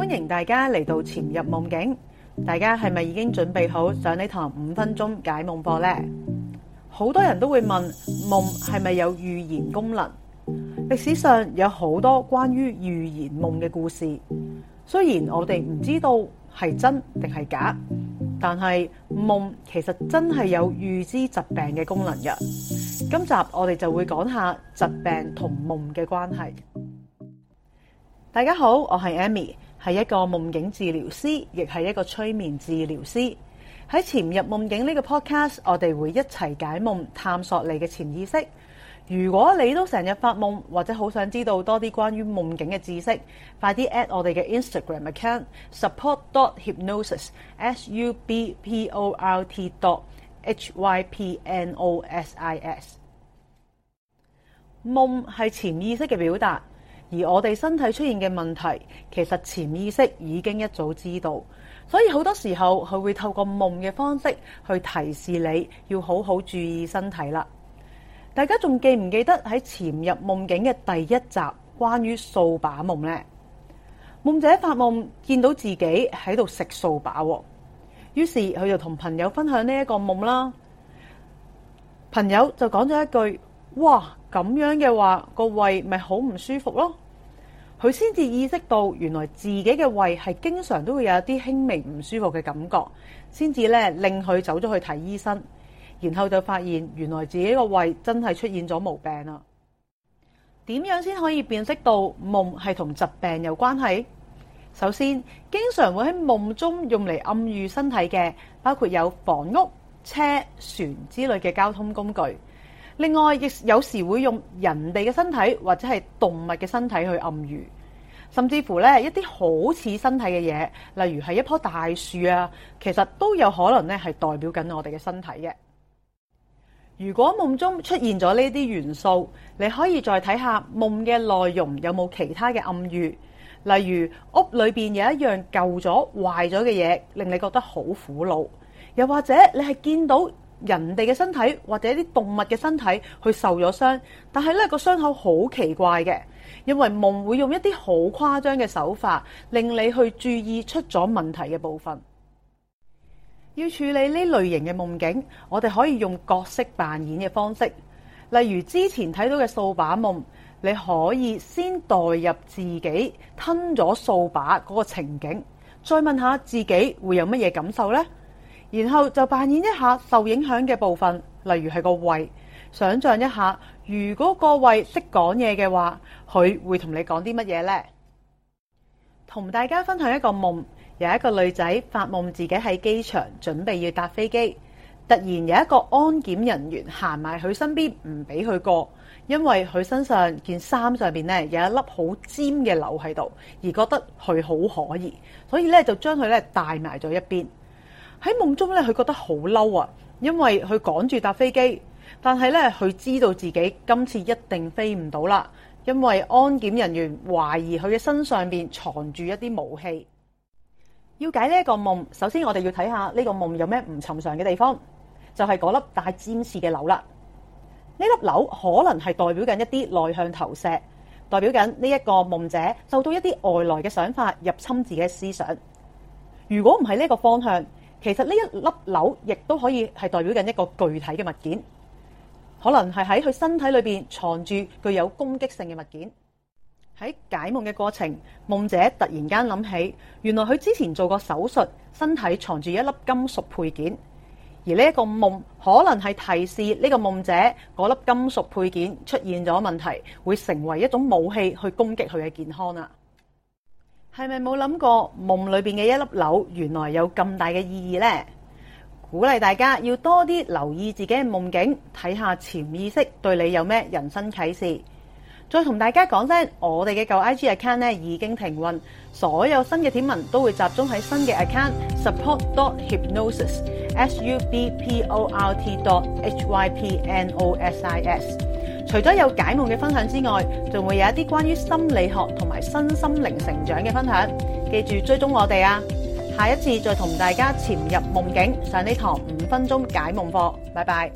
歡迎大家嚟到潛入夢境，大家係咪已經準備好上呢堂五分鐘解夢課呢？好多人都會問夢係咪有預言功能？歷史上有好多關於預言夢嘅故事，雖然我哋唔知道係真定係假，但係夢其實真係有預知疾病嘅功能嘅。今集我哋就會講下疾病同夢嘅關係。大家好，我係 Amy。係一個夢境治療師，亦係一個催眠治療師。喺潛入夢境呢個 podcast，我哋會一齊解夢，探索你嘅潛意識。如果你都成日發夢，或者好想知道多啲關於夢境嘅知識，快啲 add 我哋嘅 Instagram account subport dot hypnosis s u b p o r t h y p n o s i s。夢係潛意識嘅表達。而我哋身體出現嘅問題，其實潛意識已經一早知道，所以好多時候佢會透過夢嘅方式去提示你，要好好注意身體啦。大家仲記唔記得喺潛入夢境嘅第一集，關於掃把夢呢？夢者發夢見到自己喺度食掃把喎、哦，於是佢就同朋友分享呢一個夢啦。朋友就講咗一句。哇，咁樣嘅話個胃咪好唔舒服咯。佢先至意識到原來自己嘅胃係經常都會有一啲輕微唔舒服嘅感覺，先至咧令佢走咗去睇醫生，然後就發現原來自己個胃真係出現咗毛病啦。點樣先可以辨識到夢係同疾病有關係？首先，經常會喺夢中用嚟暗喻身體嘅，包括有房屋、車、船之類嘅交通工具。另外，亦有時會用人哋嘅身體或者係動物嘅身體去暗喻，甚至乎呢一啲好似身體嘅嘢，例如係一棵大樹啊，其實都有可能呢係代表緊我哋嘅身體嘅。如果夢中出現咗呢啲元素，你可以再睇下夢嘅內容有冇其他嘅暗喻，例如屋裏邊有一樣舊咗、壞咗嘅嘢，令你覺得好苦惱，又或者你係見到。人哋嘅身體或者一啲動物嘅身體去受咗傷，但係呢個傷口好奇怪嘅，因為夢會用一啲好誇張嘅手法，令你去注意出咗問題嘅部分。要處理呢類型嘅夢境，我哋可以用角色扮演嘅方式，例如之前睇到嘅掃把夢，你可以先代入自己吞咗掃把嗰個情景，再問下自己會有乜嘢感受呢？然後就扮演一下受影響嘅部分，例如係個胃，想象一下，如果個胃識講嘢嘅話，佢會同你講啲乜嘢呢？同大家分享一個夢，有一個女仔發夢自己喺機場準備要搭飛機，突然有一個安檢人員行埋佢身邊，唔俾佢過，因為佢身上件衫上面呢有一粒好尖嘅瘤喺度，而覺得佢好可疑，所以咧就將佢咧帶埋咗一邊。喺夢中咧，佢覺得好嬲啊，因為佢趕住搭飛機，但係咧佢知道自己今次一定飛唔到啦，因為安檢人員懷疑佢嘅身上邊藏住一啲武器。要解呢一個夢，首先我哋要睇下呢個夢有咩唔尋常嘅地方，就係嗰粒帶尖刺嘅樓啦。呢粒樓，可能係代表緊一啲內向投射，代表緊呢一個夢者受到一啲外來嘅想法入侵自己嘅思想。如果唔係呢個方向。其實呢一粒瘤亦都可以係代表緊一個具體嘅物件，可能係喺佢身體裏面藏住具有攻擊性嘅物件。喺解夢嘅過程，夢者突然間諗起，原來佢之前做過手術，身體藏住一粒金屬配件。而呢一個夢可能係提示呢個夢者嗰粒金屬配件出現咗問題，會成為一種武器去攻擊佢嘅健康啦。係咪冇諗過夢裏邊嘅一粒紐原來有咁大嘅意義呢？鼓勵大家要多啲留意自己嘅夢境，睇下潛意識對你有咩人生啟示。再同大家講聲，我哋嘅舊 I G account 咧，已經停運，所有新嘅帖文都會集中喺新嘅 account subport hypnosis s u b p o r t h y p n o s i s。I s 除咗有解夢嘅分享之外，仲會有一啲關於心理學同埋身心靈成長嘅分享。記住追蹤我哋啊！下一次再同大家潛入夢境，上呢堂五分鐘解夢課。拜拜。